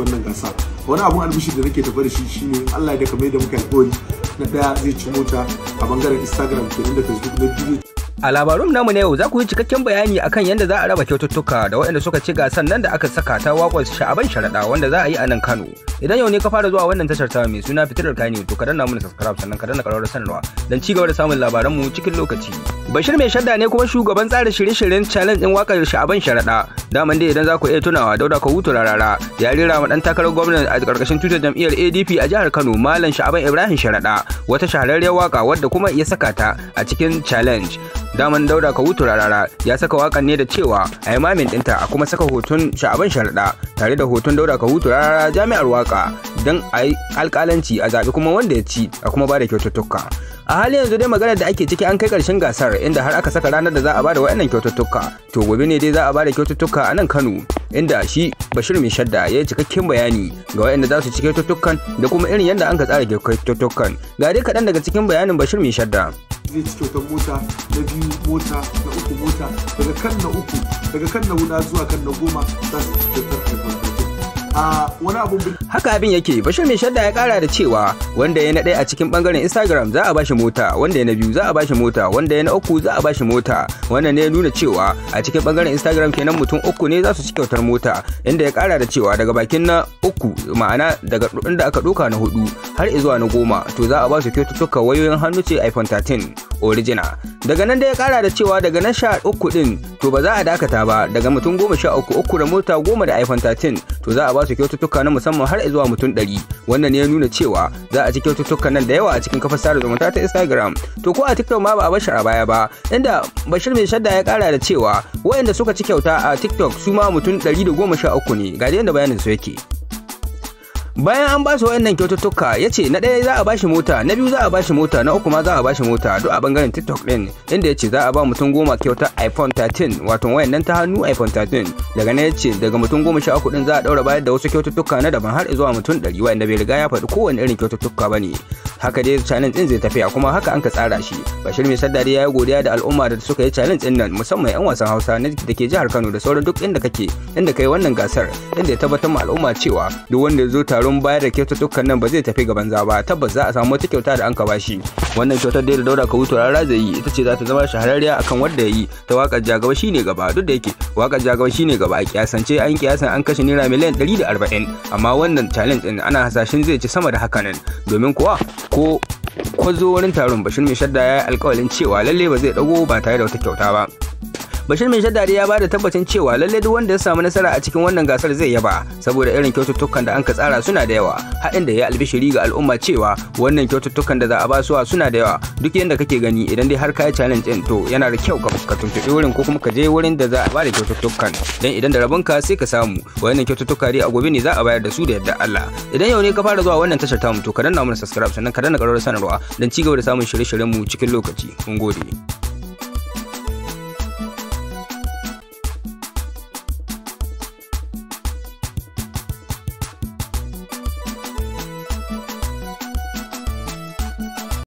wannan gasa wani abun albishi da nake tafa da shi shine Allah ya kamar da muka alƙawari na daya zai ci mota a bangaren Instagram kenan da Facebook na biyu A labarun namu na yau za ku yi cikakken bayani akan yadda za a raba kyaututtuka da waɗanda suka ci gasar nan da aka saka ta wakon sha'aban sharaɗa wanda za a yi a nan Kano. Idan yau ne ka fara zuwa wannan tashar ta mai suna fitilar kani to ka danna mu subscribe sannan ka danna ƙararrawar sanarwa don ci gaba da samun labaran mu cikin lokaci. Bashir mai shadda ne kuma shugaban tsarin shirye-shiryen challenge din wakar Sha'aban Sharaɗa. Daman dai idan za ku iya tunawa Dauda hutu Rarara ya rera ma dan takarar gwamnati a karkashin tutar jam'iyyar ADP a jihar Kano Malam Sha'aban Ibrahim Sharaɗa wata shahararriyar waka wadda kuma ya saka ta a cikin challenge. Daman Dauda hutu Rarara ya saka wakan ne da cewa a mamin dinta a kuma saka hoton Sha'aban Sharaɗa tare da hoton Dauda hutu Rarara jami'ar waka don a yi alƙalanci a zaɓi kuma wanda ya ci a kuma ba da kyaututtuka. a halin yanzu dai maganar da ake ciki an kai karshen gasar inda har aka saka ranar da za a bada wayannan kyaututtuka to gobe ne dai za a bada kyaututtuka a nan Kano inda shi Bashir mai shadda ya yi cikakken bayani ga wayanda za su ci kyaututtukan da kuma irin yadda an ka tsara kyaututtukan ga dai kaɗan daga cikin bayanin Bashir mai shadda zai ci kyautar mota na biyu mota na uku mota daga kan na uku daga kan na huda zuwa kan na goma za su kyautar haifar haka abin yake bashir mai shadda ya kara da cewa wanda ya na ɗaya a cikin bangaren instagram za a bashi mota wanda ya na biyu za a bashi mota wanda ya na uku za a bashi mota wannan ne ya nuna cewa a cikin bangaren instagram kenan mutum uku ne za su ci kyautar mota inda ya kara da cewa daga bakin na uku ma'ana daga inda aka doka na hudu har zuwa na goma to za a ba su kyaututtuka wayoyin hannu ce iphone 13 original daga nan da ya kara da cewa daga na sha uku din to ba za a dakata ba daga mutum goma sha uku uku da mota goma da iphone 13 to za a ba su kyaututtuka na musamman har zuwa mutum ɗari wannan ya nuna cewa za a ci kyaututtuka nan da yawa a cikin kafar sada zumunta ta instagram to ko a tiktok ma ba a bashar a baya ba inda bashir mai shadda ya kara da cewa waɗanda suka ci kyauta a tiktok su ma mutum ɗari da goma sha uku ne ga yadda bayanin su yake. bayan an ba su wayannan kyaututtuka ya ce na ɗaya za a ba shi mota na biyu za a ba shi mota na uku ma za a ba shi mota duk a bangaren tiktok ɗin inda ya ce za a ba mutum goma kyauta iphone 13 wato wayannan ta hannu iphone 13 daga nan ya ce daga mutum goma sha uku ɗin za a ɗaura bayar da wasu kyaututtuka na daban har zuwa mutum ɗari wayanda bai riga ya faɗi kowane irin kyaututtuka ba ne haka dai challenge din zai tafiya kuma haka an ka tsara shi bashir mai saddari ya yi godiya da al'umma da suka yi challenge din nan musamman yan wasan hausa na da ke jihar kano da sauran duk inda kake inda kai wannan gasar inda ya tabbatar ma al'umma cewa duk wanda ya zo taron bayar da kyaututtukan nan ba zai tafi gaban za ba tabbas za a samu wata kyauta da an ka bashi wannan kyautar da dauda kawu turara zai yi ita ce za ta zama shahararriya akan wanda ya yi ta wakar jagaba shine gaba duk da yake wakar jagaba shine gaba a kiyasance an kiyasan an kashe naira miliyan 140 amma wannan challenge din ana hasashen zai ci sama da haka nan, domin kuwa ko kwazo wurin taron bashir mai shadda ya yi alkawalin cewa lalle ba zai dago ba tare da wata kyauta ba bashir mai shaddari ya bada tabbacin cewa lalle duk wanda ya samu nasara a cikin wannan gasar zai yaba saboda irin kyaututtukan da anka tsara suna da yawa haɗin da ya albishiri ga al'umma cewa wannan kyaututtukan da za a basuwa suna da yawa duk yanda kake gani idan dai har ka challenge din to yana da kyau ka tuntuɓi wurin ko kuma ka je wurin da za a bada kyaututtukan dan idan da ka sai ka samu wannan kyaututtuka dai a gobe ne za a bayar da su da yadda Allah idan yau ne ka fara zuwa wannan tashar tamu to ka danna mana subscribe sannan ka danna ƙararrawar sanarwa don cigaba da samun shirye-shiryen mu cikin lokaci mun gode